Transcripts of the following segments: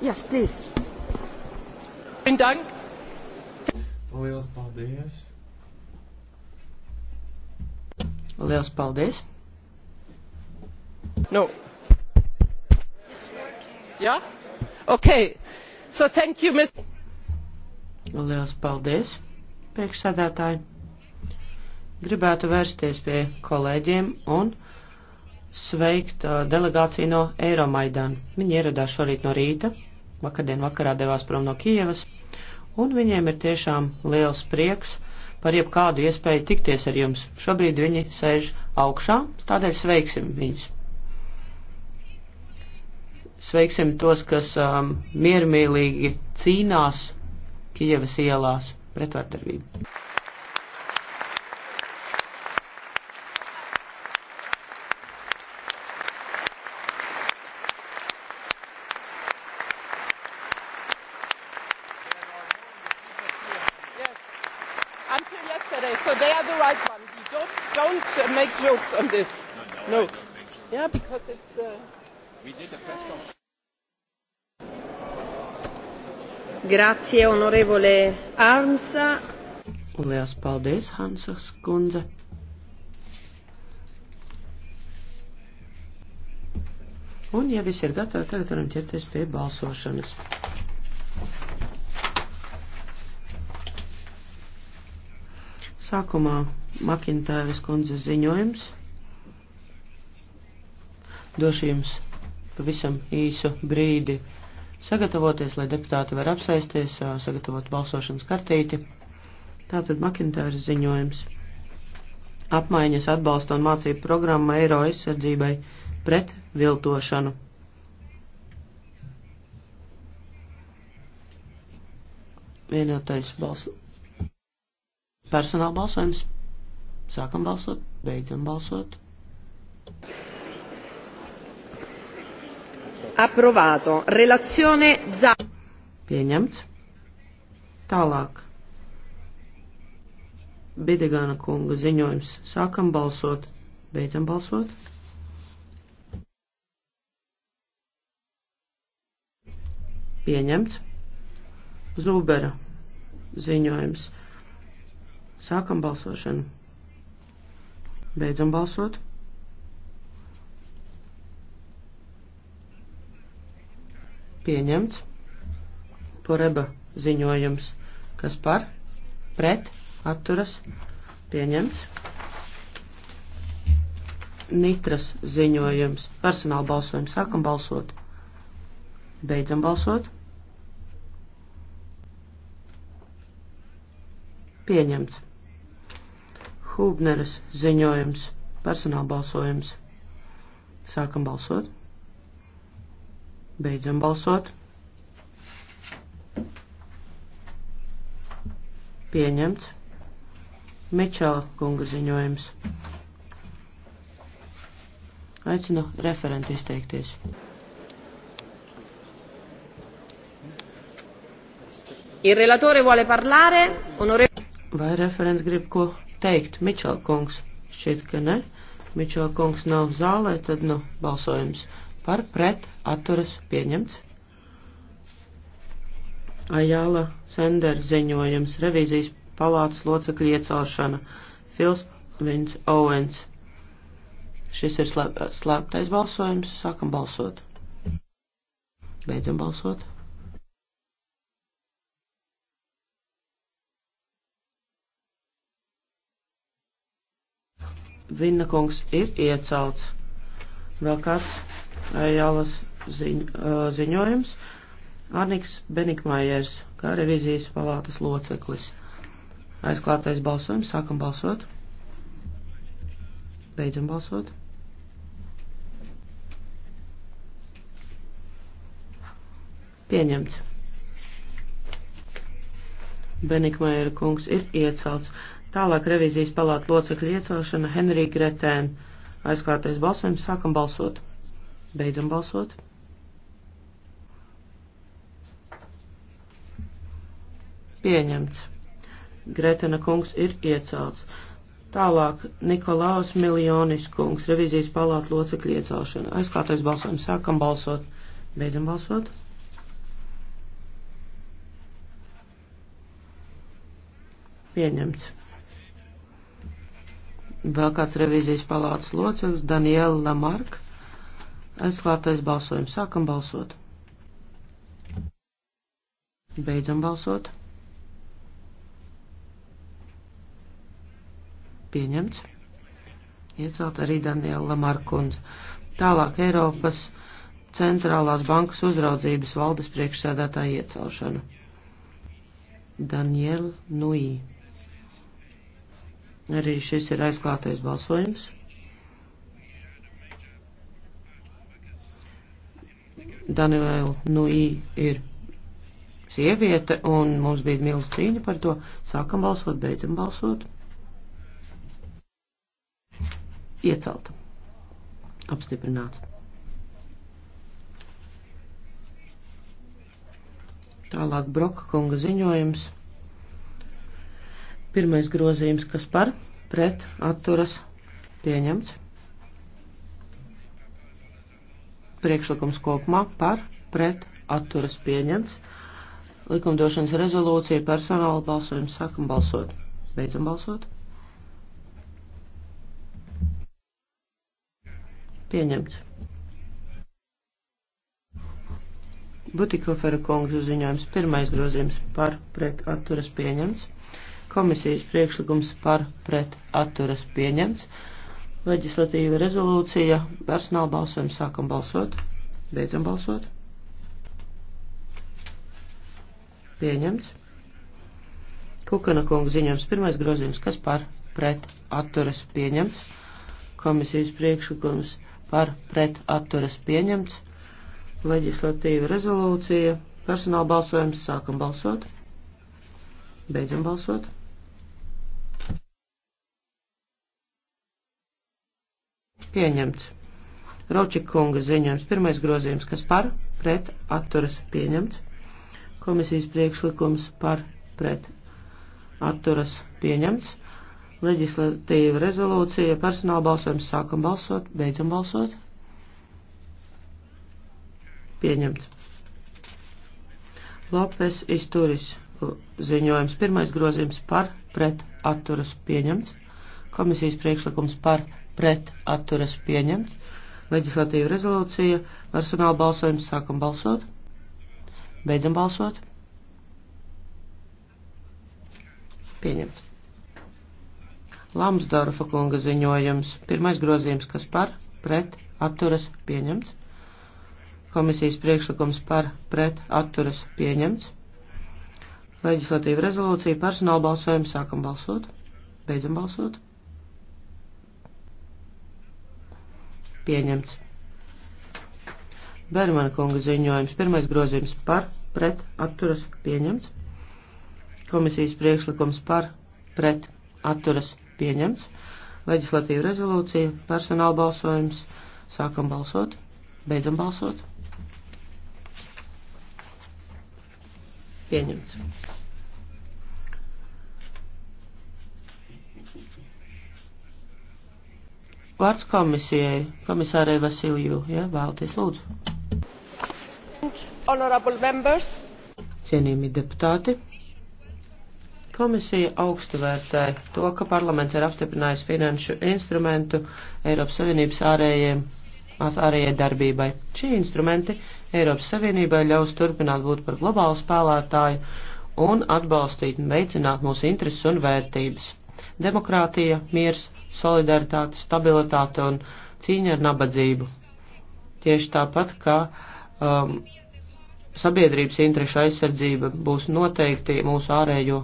Yes, please. Liels paldies. Liels paldies. No. Jā? Ja? Ok. So thank you, Ms. Liels paldies, priekšsēdētāji. Gribētu vērsties pie kolēģiem un sveikt uh, delegāciju no Eiromaidan. Viņi ieradās šorīt no rīta vakardien vakarā devās prom no Kievas, un viņiem ir tiešām liels prieks par jebkādu iespēju tikties ar jums. Šobrīd viņi sēž augšā, tādēļ sveiksim viņus. Sveiksim tos, kas um, miermīlīgi cīnās Kievas ielās pretvardarbību. on this? No. no. no. Yeah, because it's. Uh... We did a press conference. Grazie, onorevole Arms. Lielas paldies, Hansas kundze. Un, ja viss ir gatavi, tagad varam ķerties pie balsošanas. Sākumā Makintājas kundze ziņojums došu jums pavisam īsu brīdi sagatavoties, lai deputāti var apsēsties, sagatavot balsošanas kartīti. Tātad Makintāras ziņojums. Apmaiņas atbalsta un mācību programma eiro aizsardzībai pret viltošanu. Vienotais balsu. Personāla balsojums. Sākam balsot, beidzam balsot approvato. Relazione ZA. Pieņemts. Tālāk. Bidegāna kunga ziņojums. Sākam balsot. Beidzam balsot. Pieņemts. Zūbera ziņojums. Sākam balsošanu. Beidzam balsot. pieņemts. Poreba ziņojums, kas par, pret, atturas, pieņemts. Nitras ziņojums, personāla balsojums, sākam balsot, beidzam balsot. Pieņemts. Hūbneres ziņojums, personāla balsojums, sākam balsot. Beidzam balsot. Pieņemts. Mičela kunga ziņojums. Aicinu referentu izteikties. Il relatore vuole parlare, onore... Vai referents grib ko teikt? Mičela kungs. Šķiet, ka ne. Mičela kungs nav zālē, tad nu balsojums par pret atturas pieņemts. Ajāla Sender ziņojums revīzijas palātas locekļu iecelšana. Fils Vins Owens. Šis ir slēp, slēptais balsojums. Sākam balsot. Beidzam balsot. Vinna kungs ir iecelts. Vēl kāds Jālas ziņ, ziņojums. Arniks Benikmājers, kā revizijas palātas loceklis. Aizklātais balsojums, sākam balsot. Beidzam balsot. Pieņemts. Benikmaiera kungs ir iecelts. Tālāk revizijas palāta locekļa iecelšana Henrija Gretēna. Aizklātais balsojums, sākam balsot. Beidzam balsot. Pieņemts. Gretena kungs ir iecelts. Tālāk Nikolaus Miljonis kungs, revizijas palāta locekļa iecelšana. Aizkārtais balsojums. Sākam balsot. Beidzam balsot. Pieņemts. Vēl kāds revizijas palātas loceklis Daniela Lamarka. Aizslēgtais balsojums. Sākam balsot. Beidzam balsot. Pieņemts. Iecelt arī Daniela Lamarkundze. Tālāk Eiropas centrālās bankas uzraudzības valdes priekšsēdētāja iecelšana. Daniela Nui. Arī šis ir aizklātais balsojums. Daniela Nui ir sieviete, un mums bija milz cīņa par to. Sākam balsot, beidzam balsot. Iecelta. Apstiprināts. Tālāk Broka kunga ziņojums. Pirmais grozījums, kas par pret atturas pieņemts. Priekšlikums kopumā par pret atturas pieņemts. Likumdošanas rezolūcija personāla balsojums sākam balsot. Beidzam balsot. Pieņemts. Butikofera kungas ziņojums pirmais grozījums par pret atturas pieņemts. Komisijas priekšlikums par pret atturas pieņemts. Leģislatīva rezolūcija, personāla balsojums, sākam balsot, beidzam balsot. Pieņemts. Kukana kungs ziņojums, pirmais grozījums, kas par pret atturas pieņemts. Komisijas priekšlikums par pret atturas pieņemts. Leģislatīva rezolūcija, personāla balsojums, sākam balsot, beidzam balsot. Pieņemts. Ročikunga ziņojums. Pirmais grozījums, kas par, pret, atturas pieņemts. Komisijas priekšlikums par, pret, atturas pieņemts. Leģislatīva rezolūcija, personāla balsojums, sākam balsot, beidzam balsot. Pieņemts. Lopes izturis ziņojums. Pirmais grozījums par, pret, atturas pieņemts. Komisijas priekšlikums par, pret atturas pieņemts. Leģislatīva rezolūcija, personāla balsojums, sākam balsot, beidzam balsot. Pieņemts. Lamsdorfa kunga ziņojums. Pirmais grozījums, kas par, pret, atturas, pieņemts. Komisijas priekšlikums par, pret, atturas, pieņemts. Leģislatīva rezolūcija, personāla balsojums, sākam balsot, beidzam balsot. pieņemts. Bermana kunga ziņojums. Pirmais grozījums par, pret, atturas, pieņemts. Komisijas priekšlikums par, pret, atturas, pieņemts. Leģislatīva rezolūcija, personāla balsojums. Sākam balsot, beidzam balsot. Pieņemts. Vārds komisijai, komisārai Vasilju, ja vēlties lūdzu. Honorable members. Cienījumi deputāti. Komisija augstu vērtē to, ka parlaments ir apstiprinājis finanšu instrumentu Eiropas Savienības ārējiem, ārējai darbībai. Šie instrumenti Eiropas Savienībai ļaus turpināt būt par globālu spēlētāju un atbalstīt un veicināt mūsu intereses un vērtības demokrātija, miers, solidaritāte, stabilitāte un cīņa ar nabadzību. Tieši tāpat, kā um, sabiedrības interešu aizsardzība būs noteikti mūsu ārējo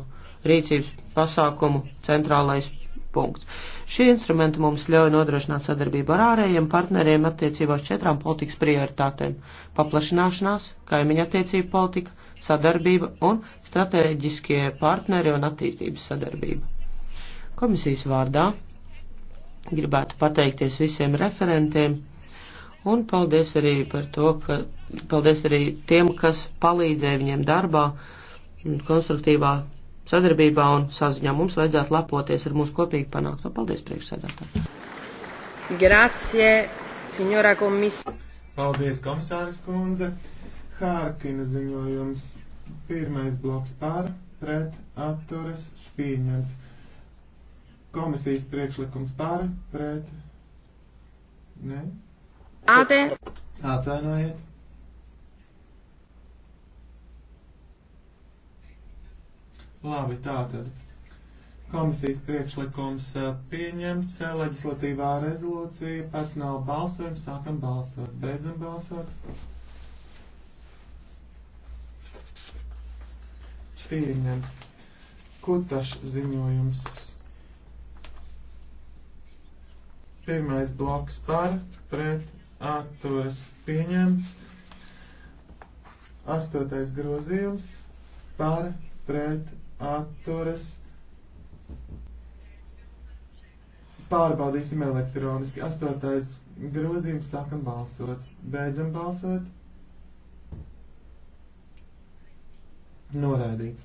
rīcības pasākumu centrālais punkts. Šie instrumenti mums ļauj nodrošināt sadarbību ar ārējiem partneriem attiecībās četrām politikas prioritātēm - paplašināšanās, kaimiņa attiecību politika, sadarbība un strateģiskie partneri un attīstības sadarbība. Komisijas vārdā gribētu pateikties visiem referentiem un paldies arī par to, ka paldies arī tiem, kas palīdzēja viņiem darbā, konstruktīvā sadarbībā un saziņā. Mums vajadzētu lepoties ar mūsu kopīgi panākto. Paldies, priekšsēdētāji. Grazie, signora komisija. Paldies, komisāris kundze. Hārkina ziņojums. Pirmais bloks pār, pret, atturas, špīņants. Komisijas priekšlikums par, pret, ne? Ātē. Atvainojiet. Labi, tātad. Komisijas priekšlikums eh, pieņemts, eh, leģislatīvā rezolūcija, personāla balsojums, sākam balsot, beidzam balsot. Pieņemts. Kutaš ziņojums. Pirmais bloks par, pret, atturas pieņemts. Astotais grozījums par, pret, atturas. Pārbaudīsim elektroniski. Astotais grozījums sākam balsot. Beidzam balsot. Noraidīts.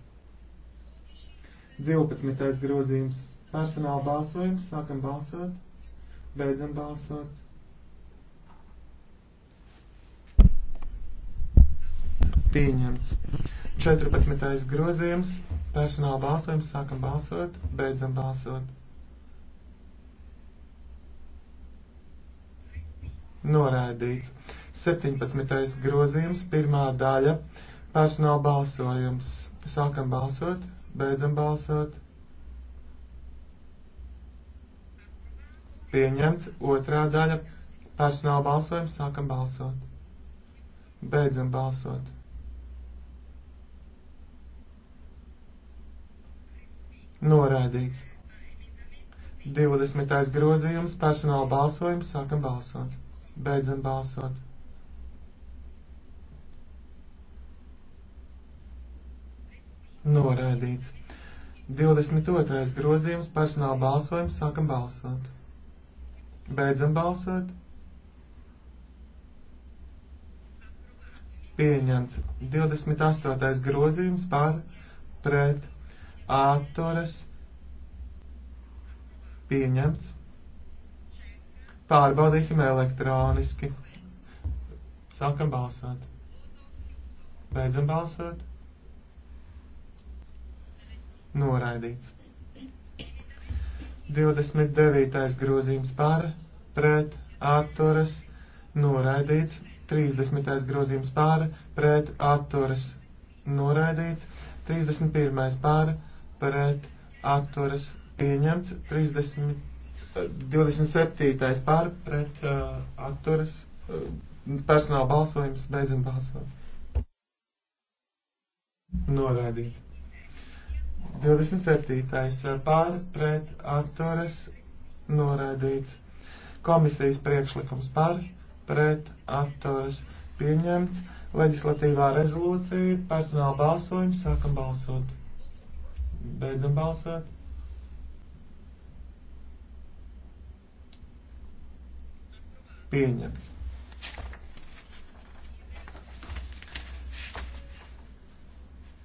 12. grozījums personāla balsojums. Sākam balsot. Beidzam balsot. Pieņemts. 14. grozījums. Personāla balsojums. Sākam balsot. Beidzam balsot. Norādīts. 17. grozījums. Pirmā daļa. Personāla balsojums. Sākam balsot. Beidzam balsot. Pieņemts otrā daļa personāla balsojums. Sākam balsot. Beidzam balsot. Noraidīts. 20. grozījums personāla balsojums. Sākam balsot. Beidzam balsot. Noraidīts. 22. grozījums personāla balsojums. Sākam balsot. Beidzam balsot. Pieņemts 28. grozījums par pret ātoras. Pieņemts. Pārbaudīsim elektroniski. Sākam balsot. Beidzam balsot. Noraidīts. 29. grozījums par, pret, atturas, noraidīts. 30. grozījums par, pret, atturas, noraidīts. 31. par, pret, atturas, pieņemts. 30, 27. Eh, par, pret, uh, atturas, uh, personāla balsojums, beidzam balsot. Noraidīts. 27. Eh, pār pret atturas noraidīts. Komisijas priekšlikums par pret atturas pieņemts. Leģislatīvā rezolūcija, personāla balsojums, sākam balsot. Beidzam balsot. Pieņemts.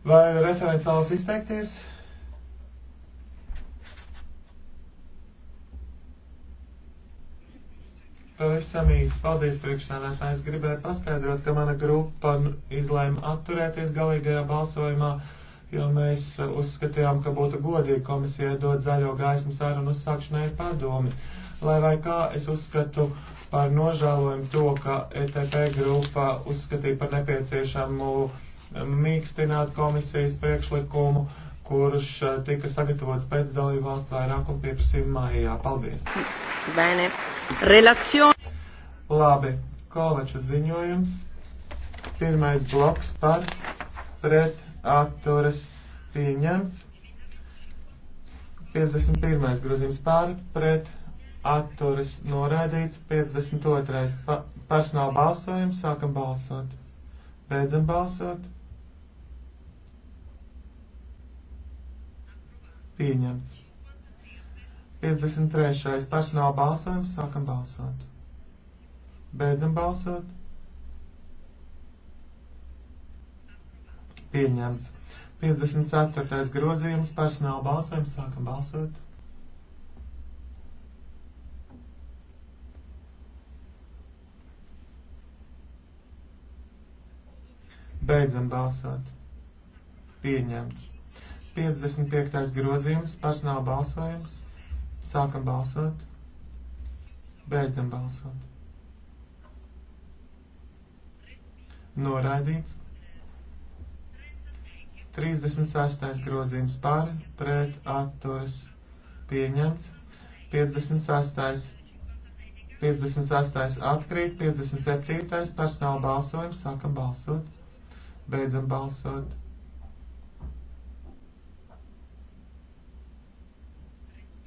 Vai referents vēlas izteikties? Pavisam īsi, paldies priekšsēdētājs. Gribēju paskaidrot, ka mana grupa izlēma atturēties galīgajā balsojumā, jo mēs uh, uzskatījām, ka būtu godīgi komisijai dot zaļo gaismu sarunu uzsākšanai ar padomi. Lai vai kā es uzskatu par nožēlojumu to, ka ETP grupa uzskatīja par nepieciešamu uh, mīkstināt komisijas priekšlikumu, kurš eh, tika sagatavots pēc dalību valstu vairākuma pieprasījuma maijā. Paldies! Bene. Relacion... Labi, Kovača ziņojums. Pirmais bloks par pret atturas pieņemts. 51. grozījums par pret atturas noraidīts. 52. Pa personāla balsojums. Sākam balsot. Beidzam balsot. Pieņemts. 53. personāla balsojums. Sākam balsot. Beidzam balsot. Pieņemts. 54. grozījums personāla balsojums. Sākam balsot. Beidzam balsot. Pieņemts. 55. grozījums, personāla balsojums. Sākam balsot. Beidzam balsot. Noraidīts. 36. grozījums par, pret, atturas, pieņemts. 56. 56. atkrīt, 57. personāla balsojums, sākam balsot, beidzam balsot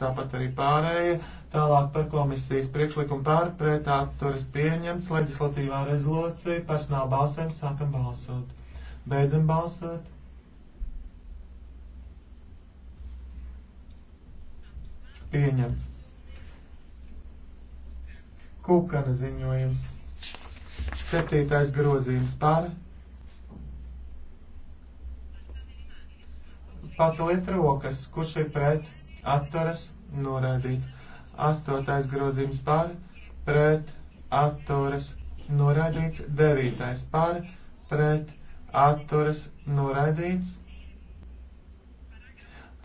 tāpat arī pārējie. Tālāk par komisijas priekšlikumu pārpret atturas pieņemts, leģislatīvā rezolūcija, personāla balsēm sākam balsot. Beidzam balsot. Pieņemts. Kūkana ziņojums. Septītais grozījums par. Paceliet rokas, kurš ir pret atturas noraidīts. Astotais grozījums par, pret, atturas noraidīts. Devītais par, pret, atturas noraidīts.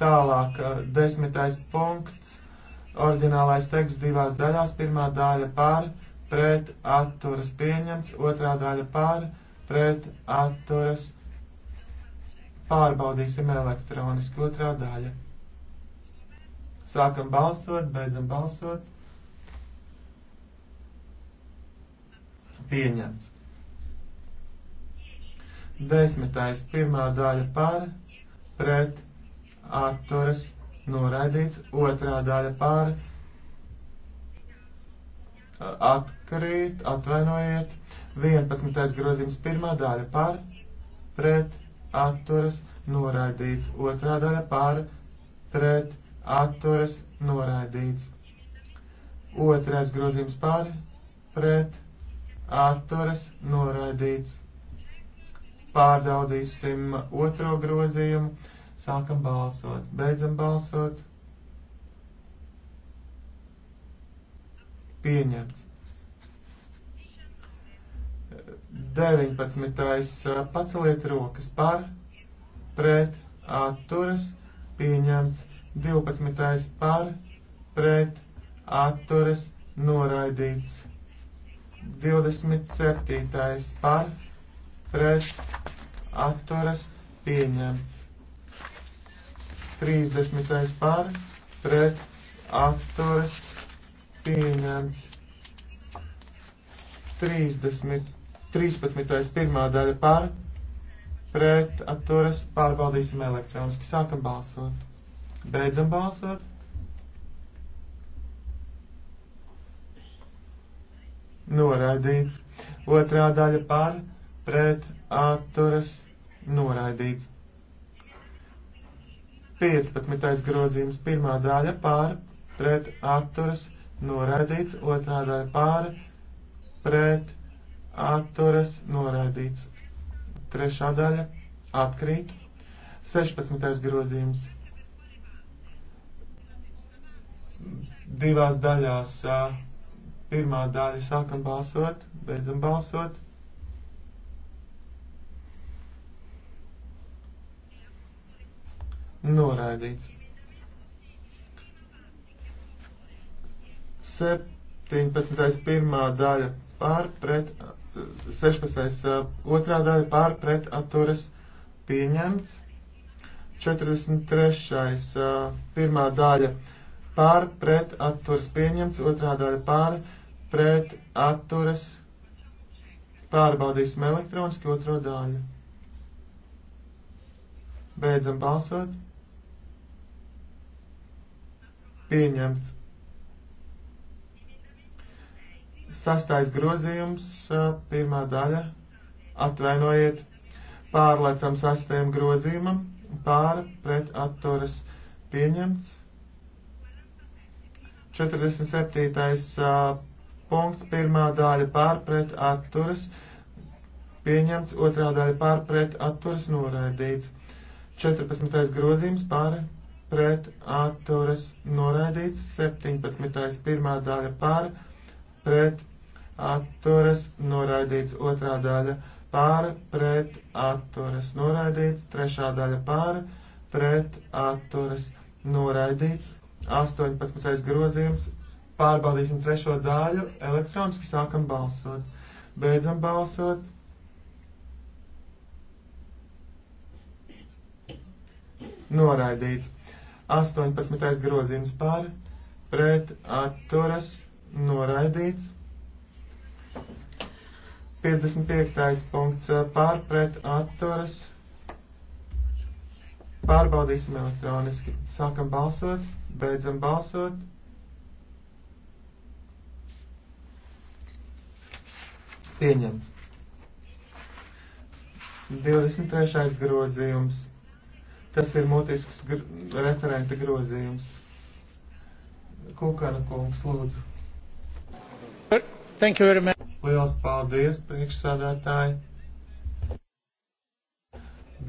Tālāk, eh, desmitais punkts, orģinālais teksts divās daļās, pirmā daļa par, pret, atturas pieņemts, otrā daļa par, pret, atturas pārbaudīsim elektroniski otrā daļa. Sākam balsot, beidzam balsot. Pieņemts. Desmitais pirmā daļa par, pret, atturas, noraidīts, otrā daļa par, atkrīt, atvainojiet, 11. grozījums pirmā daļa par, pret, atturas, noraidīts, otrā daļa par, pret, atturas noraidīts. Otrais grozījums par, pret, atturas noraidīts. Pārdaudīsim otro grozījumu, sākam balsot, beidzam balsot. Pieņemts. 19. Eh, paceliet rokas par, pret, atturas, pieņemts. 12. par, pret, atturas, noraidīts. 27. par, pret, atturas, pieņemts. 30. par, pret, atturas, pieņemts. 30. 13. pirmā daļa par, pret, atturas, pārbaudīsim elektroniski. Sākam balsot. Beidzam balsot. Noraidīts. Otrā daļa par pret atturas noraidīts. 15. grozījums pirmā daļa pār pret atturas noraidīts, otrā daļa pār pret atturas noraidīts, trešā daļa atkrīt, 16. grozījums divās daļās. Pirmā daļa sākam balsot, beidzam balsot. Noraidīts. Sep 17. pirmā daļa pār pret, 16. otrā daļa pār pret atturas pieņemts, 43. pirmā daļa pār pret atturas pieņemts, otrā daļa pār pret atturas pārbaudīsim elektroniski otro daļu. Beidzam balsot. Pieņemts. Sastais grozījums, pirmā daļa. Atvainojiet. Pārlecam sastajam grozījumam. Pār pret atturas pieņemts. 47. punkts, pirmā daļa pārpret atturas, pieņemts, otrā daļa pārpret atturas noraidīts. 14. grozījums pārpret atturas noraidīts, 17. pirmā daļa pārpret atturas noraidīts, otrā daļa pārpret atturas noraidīts, trešā daļa pārpret atturas noraidīts. 18. grozījums. Pārbaudīsim trešo daļu. Elektroniski sākam balsot. Beidzam balsot. Noraidīts. 18. grozījums pār. Pret atturas. Noraidīts. 55. punkts pār. Pret atturas. Pārbaudīsim elektroniski. Sākam balsot, beidzam balsot. Pieņemts. 23. grozījums. Tas ir mutisks gr referenta grozījums. Kukana kungs, lūdzu. Thank you very much. Liels paldies, priekšsādātāji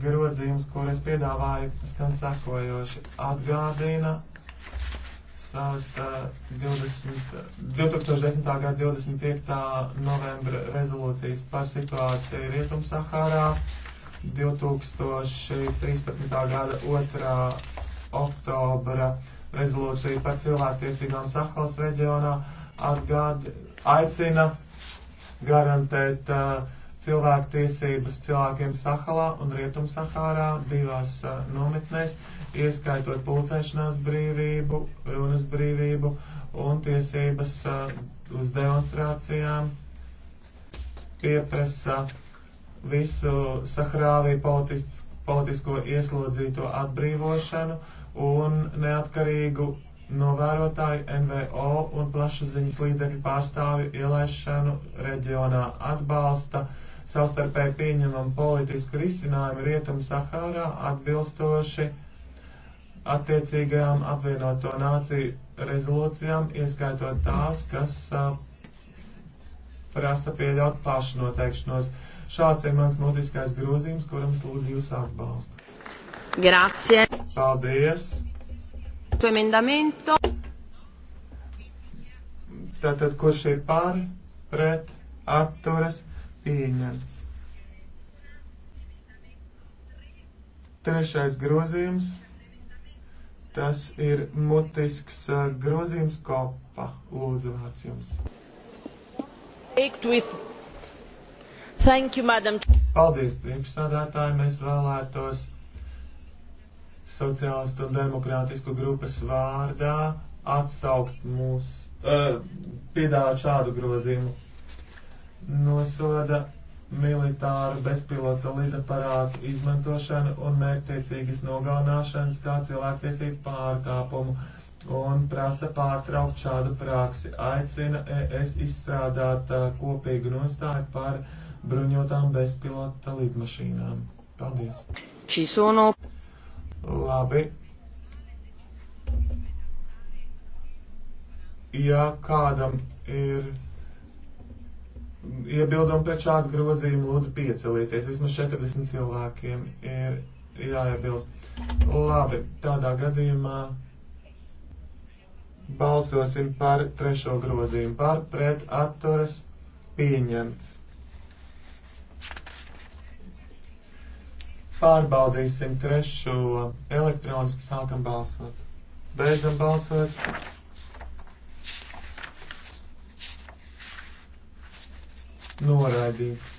grozījums, kur es piedāvāju, skan sakojoši atgādina savas uh, 20, 2010. gada 25. novembra rezolūcijas par situāciju Rietum-Sahārā, 2013. gada 2. oktobra rezolūcija par cilvēktiesībām Sahals reģionā atgādi, aicina garantēt uh, cilvēktiesības cilvēkiem Sahalā un Rietum Sahārā divās uh, nometnēs, ieskaitot pulcēšanās brīvību, runas brīvību un tiesības uh, uz demonstrācijām, pieprasa visu Sahrāvī politis, politisko ieslodzīto atbrīvošanu un neatkarīgu novērotāju NVO un plašsaziņas līdzekļu pārstāvju ielaišanu reģionā atbalsta uh, savstarpēji pieņemam politisku risinājumu Rietum Sahārā atbilstoši attiecīgajām apvienoto nāciju rezolūcijām, ieskaitot tās, kas uh, prasa pieļaut pašnoteikšanos. Šāds ir mans mutiskais grozījums, kuram es lūdzu jūs atbalstu. Grazie. Paldies. Emendamento. Tātad, kurš ir pār, pret, atturas? pieņemts. Trešais grozījums, tas ir mutisks uh, grozījums kopa. Lūdzu, vārds jums. Thank you, madam. Paldies, priekšsādātāji. Mēs vēlētos sociālistu un demokrātisku grupas vārdā atsaukt mūsu, uh, piedāvāt šādu grozījumu nosoda militāru bezpilota lidaparātu izmantošanu un mērķtiecīgas nogalināšanas kā cilvēktiesību pārkāpumu un prasa pārtraukt šādu praksi. Aicina ES izstrādāt kopīgu nostāju par bruņotām bezpilota lidmašīnām. Paldies! Čisono. Labi. Ja kādam ir iebildumu pret šādu grozījumu, lūdzu piecelieties. Vismaz 40 cilvēkiem ir jāiebilst. Labi, tādā gadījumā balsosim par trešo grozījumu. Par pret atturas pieņemts. Pārbaudīsim trešo elektroniski sākam balsot. Beidzam balsot. noraidīts.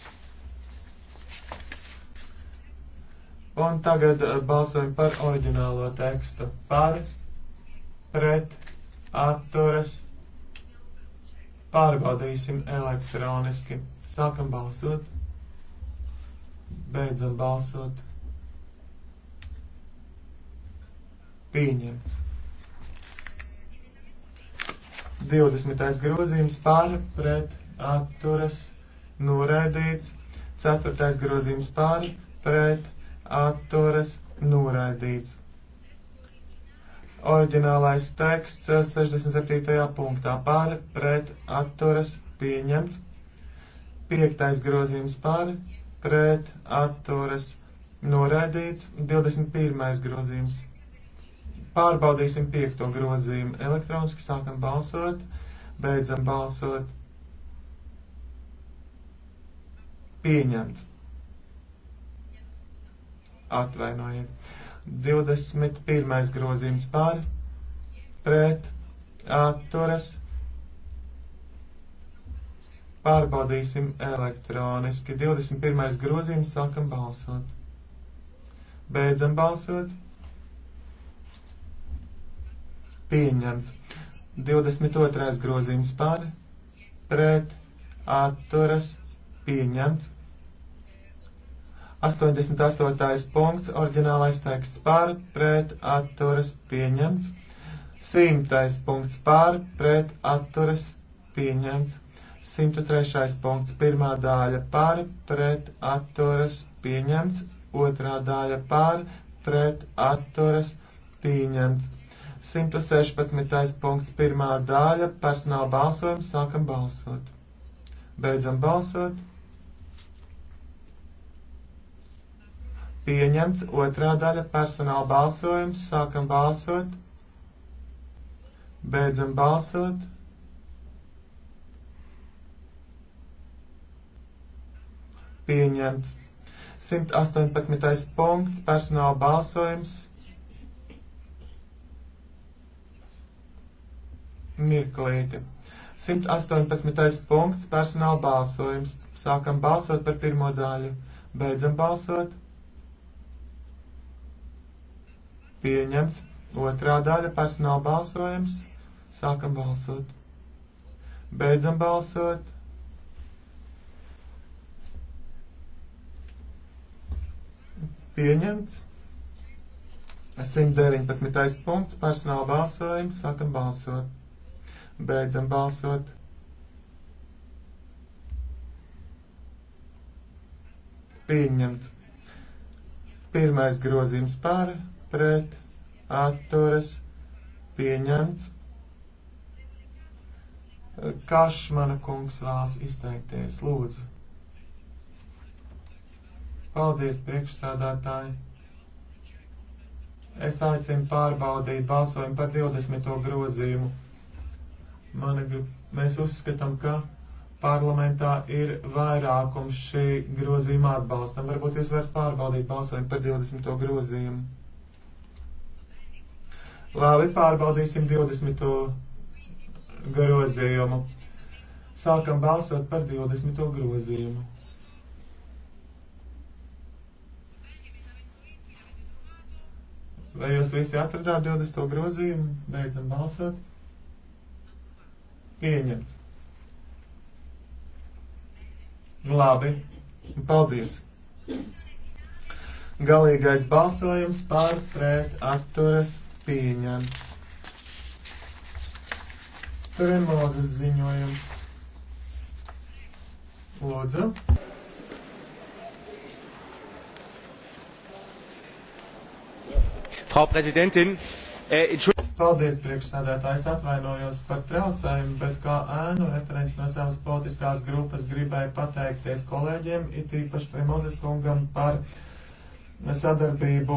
Un tagad uh, balsojam par oriģinālo tekstu. Par, pret, atturas. Pārbaudīsim elektroniski. Sākam balsot. Beidzam balsot. Pieņemts. 20. grozījums par, pret, atturas noraidīts, ceturtais grozījums pār, pret, atturas, noraidīts. Oriģinālais teksts 67. punktā pār, pret, atturas, pieņemts. Piektais grozījums pār, pret, atturas, noraidīts. 21. grozījums. Pārbaudīsim piekto grozījumu elektroniski, sākam balsot, beidzam balsot. Pieņemts. Atvainojiet. 21. grozījums par, pret, atturas. Pārbaudīsim elektroniski. 21. grozījums sākam balsot. Beidzam balsot. Pieņemts. 22. grozījums par, pret, atturas pieņemts. 88. punkts, oriģinālais teksts pār, pret, atturas, pieņemts. 100. punkts pār, pret, atturas, pieņemts. 103. punkts, pirmā daļa pār, pret, atturas, pieņemts. Otrā daļa pār, pret, atturas, pieņemts. 116. punkts, pirmā daļa, personāla balsojums, sākam balsot. Beidzam balsot. Pieņemts otrā daļa personāla balsojums. Sākam balsot. Beidzam balsot. Pieņemts. 118. punkts personāla balsojums. Mirklīti. 118. punkts personāla balsojums. Sākam balsot par pirmo daļu. Beidzam balsot. Pieņemts. Otrā daļa personāla balsojums. Sākam balsot. Beidzam balsot. Pieņemts. 119. punkts personāla balsojums. Sākam balsot. Beidzam balsot. Pieņemts. Pirmais grozījums pāri pret atturas pieņemts. Kašmana kungs vēlas izteikties, lūdzu. Paldies, priekšsādātāji. Es aicinu pārbaudīt balsojumu par 20. grozījumu. Mani, mēs uzskatām, ka parlamentā ir vairākums šī grozījuma atbalstam. Varbūt jūs varat pārbaudīt balsojumu par 20. grozījumu. Labi, pārbaudīsim 20. grozījumu. Sākam balsot par 20. grozījumu. Vai jūs visi atradāt 20. grozījumu? Beidzam balsot. Pieņemts. Labi, paldies. Galīgais balsojums par pret atturas pieņemts. Tremozes ziņojums. Lūdzu. Frau Präsidentin, äh, Paldies, priekšsēdētājs, atvainojos par traucējumu, bet kā ēnu referents no savas politiskās grupas gribēju pateikties kolēģiem, it īpaši Tremozes kungam par uh, sadarbību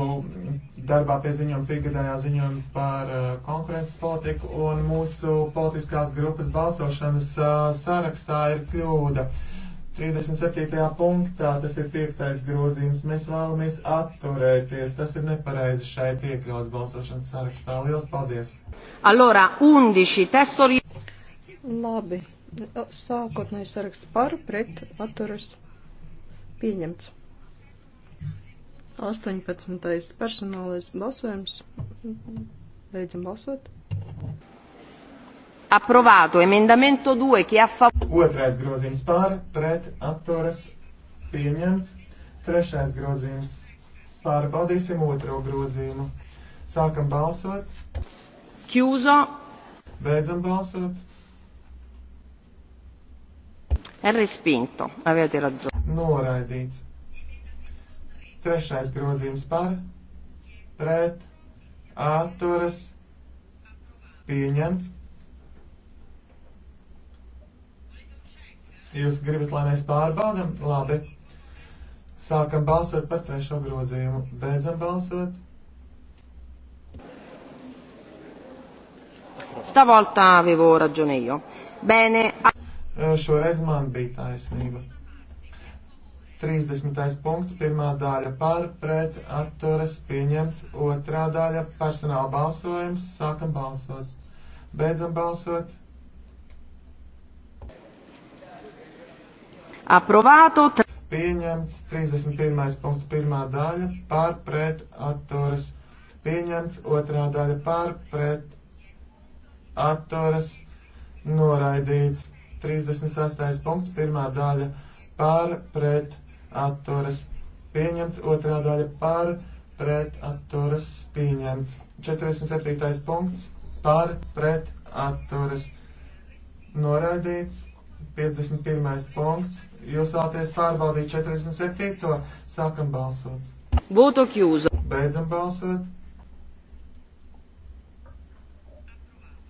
darbā pie ziņojuma, piegadējā ziņojuma par uh, konkurences politiku un mūsu politiskās grupas balsošanas uh, sarakstā ir kļūda. 37. punktā, tas ir piektais grozījums, mēs vēlamies atturēties, tas ir nepareizi šeit iekļauts balsošanas sarakstā. Liels paldies! Allora, 11 testori. Labi, sākotnēji saraksts par, pret, atturas, pieņemts. 18. personālais balsojums. Beidzam balsot. Aprovāto emendamento 2, chi a favore. Otrais grozījums pār, pret, atturas, pieņemts. Trešais grozījums pārbaudīsim otro grozījumu. Sākam balsot. Chiuso. Beidzam balsot. È respinto, avete ragione. Noraidīts. Trešais grozījums par, pret, atturas, pieņemts. Jūs gribat, lai mēs pārbaudam? Labi. Sākam balsot par trešo grozījumu. Beidzam balsot. Stavoltā vivo raģunīju. Bene. Šoreiz man bija taisnība. 30. punkts, pirmā daļa par, pret, atturas, pieņemts, otrā daļa personāla balsojums, sākam balsot, beidzam balsot. Aprovāto. Pieņemts, 31. punkts, pirmā daļa par, pret, atturas, pieņemts, otrā daļa par, pret, atturas, noraidīts, 36. punkts, pirmā daļa par, pret, atturas atturas pieņemts, otrā daļa par pret atturas pieņemts. 47. punkts par pret atturas noraidīts. 51. punkts. Jūs vēlaties pārbaudīt 47. sākam balsot. Būtu kjūza. Beidzam balsot.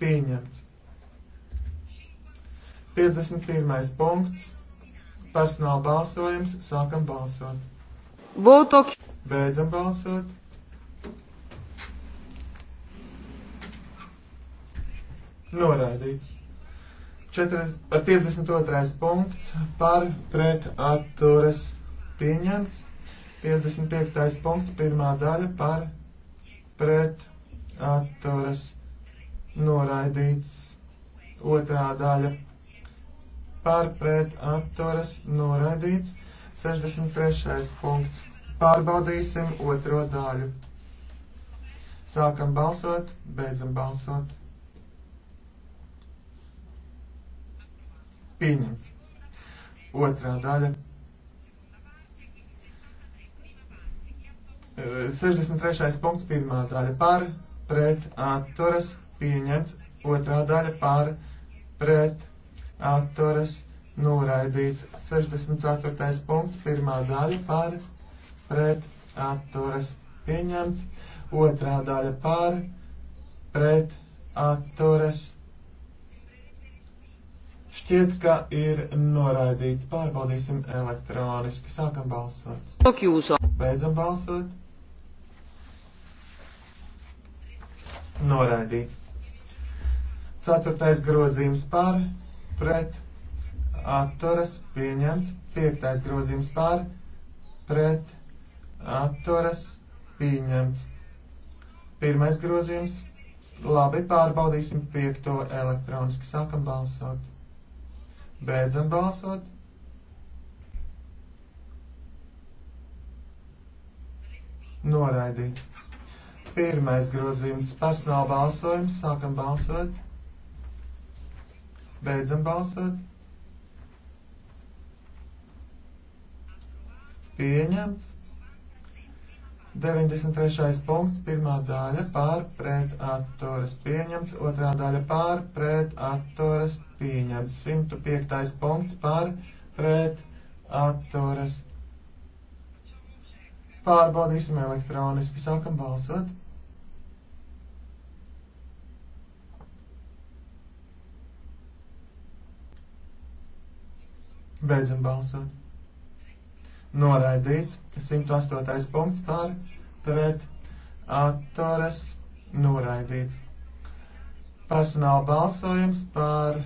Pieņemts. 51. punkts Personāla balsojums. Sākam balsot. Votok. Beidzam balsot. Noraidīts. 4, 52. punkts par pret atturas pieņemts. 55. punkts pirmā daļa par pret atturas noraidīts. Otrā daļa pārpret atturas noraidīts. 63. punkts. Pārbaudīsim otro daļu. Sākam balsot, beidzam balsot. Pieņemts. Otrā daļa. 63. punkts, pirmā daļa par, pret, atturas, pieņemts, otrā daļa par, pret, atturas noraidīts. 64. punkts, pirmā daļa par pret atturas pieņemts, otrā daļa par pret atturas. Šķiet, ka ir noraidīts. Pārbaudīsim elektroniski. Sākam balsot. Beidzam balsot. Noraidīts. Ceturtais grozījums par pret atturas pieņemts, piektais grozījums pār pret atturas pieņemts. Pirmais grozījums. Labi, pārbaudīsim piekto elektroniski. Sākam balsot. Beidzam balsot. Noraidīt. Pirmais grozījums. Personāla balsojums. Sākam balsot. Beidzam balsot. Pieņemts. 93. punkts, pirmā daļa pār pret atturas pieņemts, otrā daļa pār pret atturas pieņemts, 105. punkts pār pret atturas. Pārbaudīsim elektroniski, sākam balsot. Beidzam balsot. Noraidīts 108. punkts par pret atturas noraidīts. Personāla balsojums par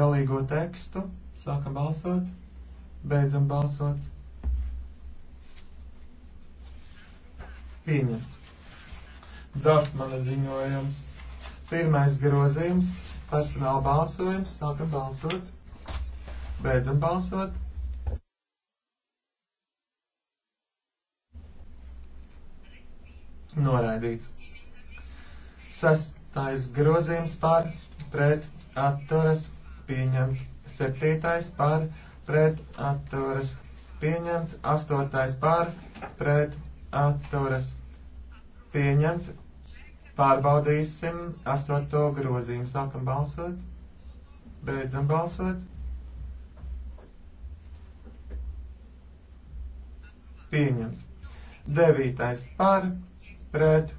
galīgo tekstu. Sākam balsot. Beidzam balsot. Pieņemts. Dortmana ziņojums. Pirmais grozījums. Personāla balsojums. Sākam balsot. Beidzam balsot. Noraidīts. Sastais grozījums par pret atturas pieņemts. Septītais par pret atturas pieņemts. Astotais par pret atturas pieņemts. Pārbaudīsim astoto grozījumu. Sākam balsot. Beidzam balsot. pieņemts. 9. par, pret,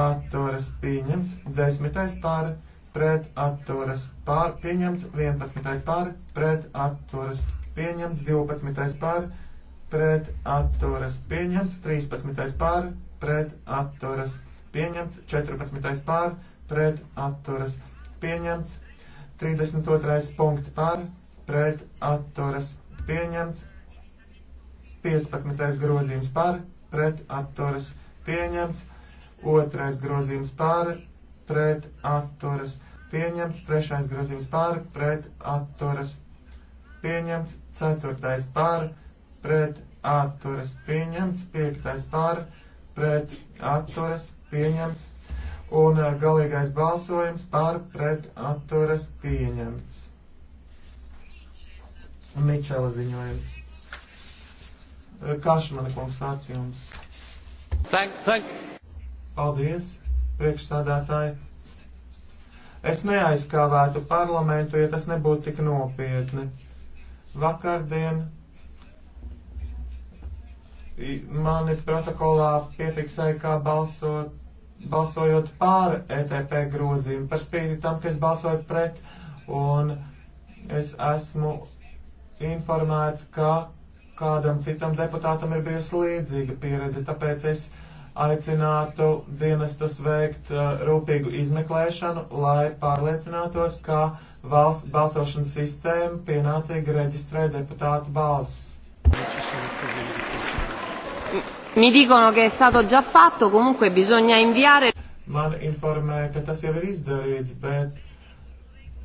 atturas pieņemts. 10. par, pret, atturas pār, pieņemts. 11. par, pret, atturas pieņemts. 12. par, pret, atturas pieņemts. 13. par, pret, atturas pieņemts. 14. par, pret, atturas pieņemts. 32. punkts par, pret, atturas pieņemts 15. grozījums par, pret atturas pieņemts, 2. grozījums par, pret atturas pieņemts, 3. grozījums par, pret atturas pieņemts, 4. par, pret atturas pieņemts, 5. par, pret atturas pieņemts, un uh, galīgais balsojums par pret atturas pieņemts. Mičela ziņojums. Eh, Kašmana kungs vārds jums. Thank, thank. Paldies, priekšsādātāji. Es neaizskāvētu parlamentu, ja tas nebūtu tik nopietni. Vakardien mani protokolā piefiksēja, kā balsot, balsojot pār ETP grozījumu, par spīti tam, ka es balsoju pret, un es esmu informēts, ka kādam citam deputātam ir bijusi līdzīga pieredze, tāpēc es aicinātu dienestus veikt uh, rūpīgu izmeklēšanu, lai pārliecinātos, ka valsts balsošanas sistēma pienācīgi reģistrē deputātu balsis. Mi dicono che è stato già fatto, comunque bisogna inviare. Man informē, ka tas jau ir izdarīts, bet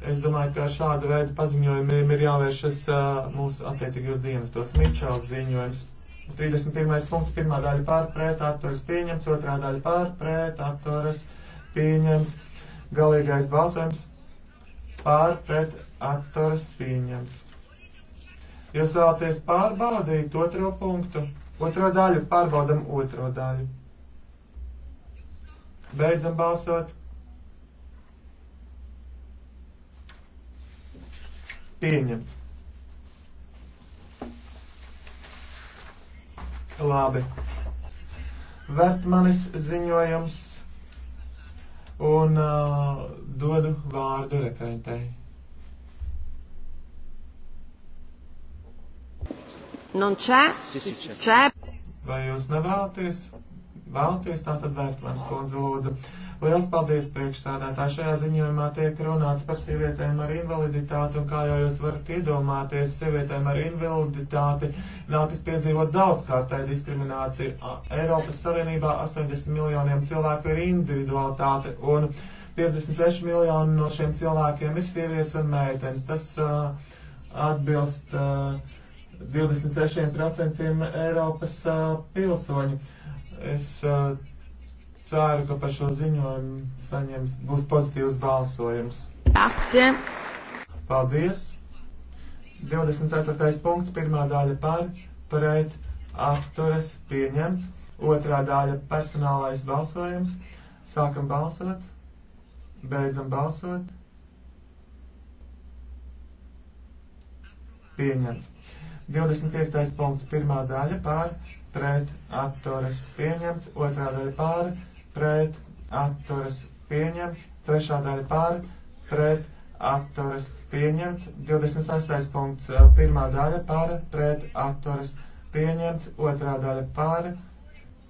Es domāju, ka šāda veida paziņojumiem ir jāvēršas mūsu attiecīgajos dienestos. Mičels ziņojums. 31. punkts, pirmā daļa pārpret, atturas pieņemts, otrā daļa pārpret, atturas pieņemts, galīgais balsojums pārpret, atturas pieņemts. Jūs vēlaties pārbaudīt otro punktu, otro daļu, pārbaudam otro daļu. Beidzam balsot. Pieņemts. Labi. Vertmanis ziņojums un uh, dodu vārdu referentei. Non c'è? C'è. Vai jūs nevēlaties? Vēlaties, tātad Vērtmanis kundze lūdzu. Liels paldies priekšsādātāji. Šajā ziņojumā tiek runāts par sievietēm ar invaliditāti, un kā jau jūs varat iedomāties, sievietēm ar invaliditāti nākas piedzīvot daudzkārtēju diskrimināciju. Eiropas Savienībā 80 miljoniem cilvēku ir individualitāte, un 56 miljoni no šiem cilvēkiem ir sievietes un meitenes. Tas uh, atbilst. Uh, 26% Eiropas uh, pilsoņu. Es uh, Ceru, ka par šo ziņojumu saņems, būs pozitīvs balsojums. Akse. Paldies. 24. punkts, pirmā daļa par, pret, apturas, pieņemts. Otrā daļa personālais balsojums. Sākam balsot. Beidzam balsot. Pieņemts. 25. punkts, pirmā daļa pār, pret, atturas, pieņemts, otrā daļa pār, pret atturas pieņemts, trešā daļa pār pret atturas pieņemts, 26. punkts, eh, pirmā daļa pār pret atturas pieņemts, otrā daļa pār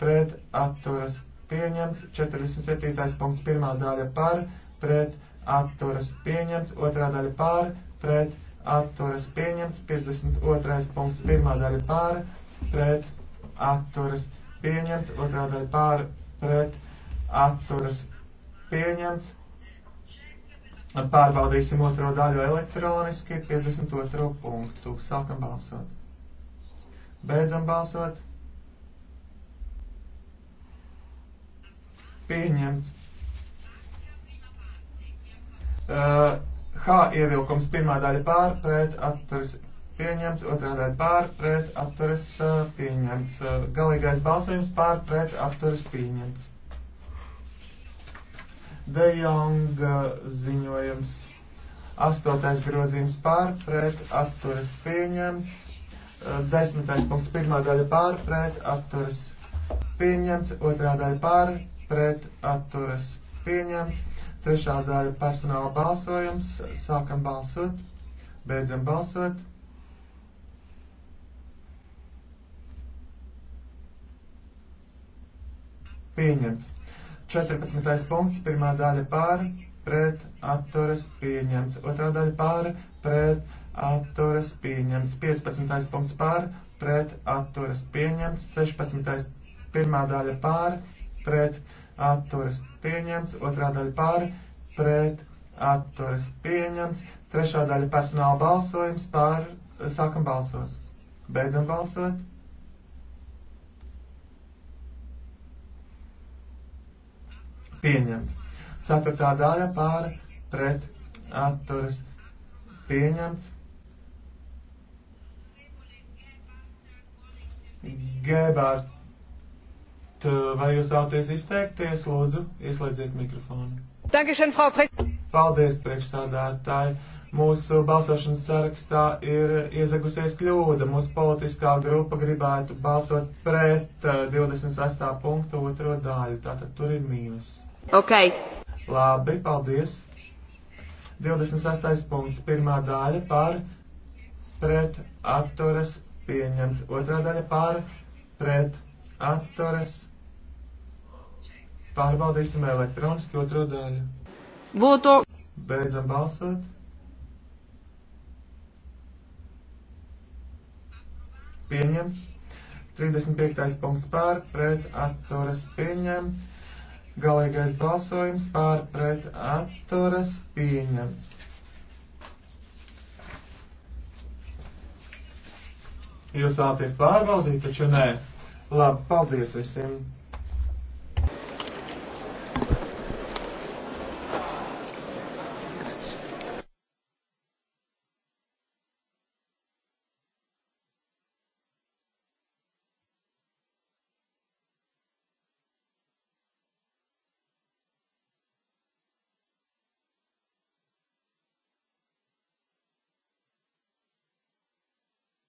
pret atturas pieņemts, 47. punkts, pirmā daļa pār pret atturas pieņemts, otrā daļa pār pret atturas pieņemts, 52. punkts, pirmā daļa pār pret atturas pieņemts, otrā daļa pār pret atturas pieņemts atturas pieņemts. Pārbaudīsim otro daļu elektroniski, 52. punktu. Sākam balsot. Beidzam balsot. Pieņemts. Uh, H ievilkums pirmā daļa pār, pret, atturas pieņemts, otrā daļa pār, pret, atturas uh, pieņemts. Uh, galīgais balsojums pār, pret, atturas pieņemts. De Jonga ziņojums. Astotais grozījums pār, pret, atturas pieņemts. Eh, desmitais punkts, pirmā daļa pār, pret, atturas pieņemts. Otrā daļa pār, pret, atturas pieņemts. Trešā daļa personāla balsojums. Sākam balsot. Beidzam balsot. Pieņemts. 14. punkts, pirmā daļa pār, pret, atturas, pieņemts. Otrā daļa pār, pret, atturas, pieņemts. 15. punkts pār, pret, atturas, pieņemts. 16. pirmā daļa pār, pret, atturas, pieņemts. Otrā daļa pār, pret, atturas, pieņemts. Trešā daļa personāla balsojums pār, sākam balsot. Beidzam balsot. pieņemts. Ceturtā daļa pār pret atturas pieņemts. Gebārt, vai jūs vēlaties izteikties? Lūdzu, ieslēdziet mikrofonu. Dankeschön, Frau Pres Paldies, priekšsādātāji. Mūsu balsošanas sarakstā ir iezagusies kļūda. Mūsu politiskā grupa gribētu balsot pret 28. Eh, punktu otro daļu. Tātad tur ir mīnus. Ok. Labi, paldies. 26. punkts, pirmā daļa par pret atturas pieņemts, otrā daļa par pret atturas pārbaudīsim elektroniski otro daļu. Voto. Beidzam balsot. Pieņemts. 35. punkts pār, pret atturas pieņemts. Galīgais balsojums pār pret atturas pieņemts. Jūs vēlaties pārbaudīt, taču nē. Labi, paldies visiem!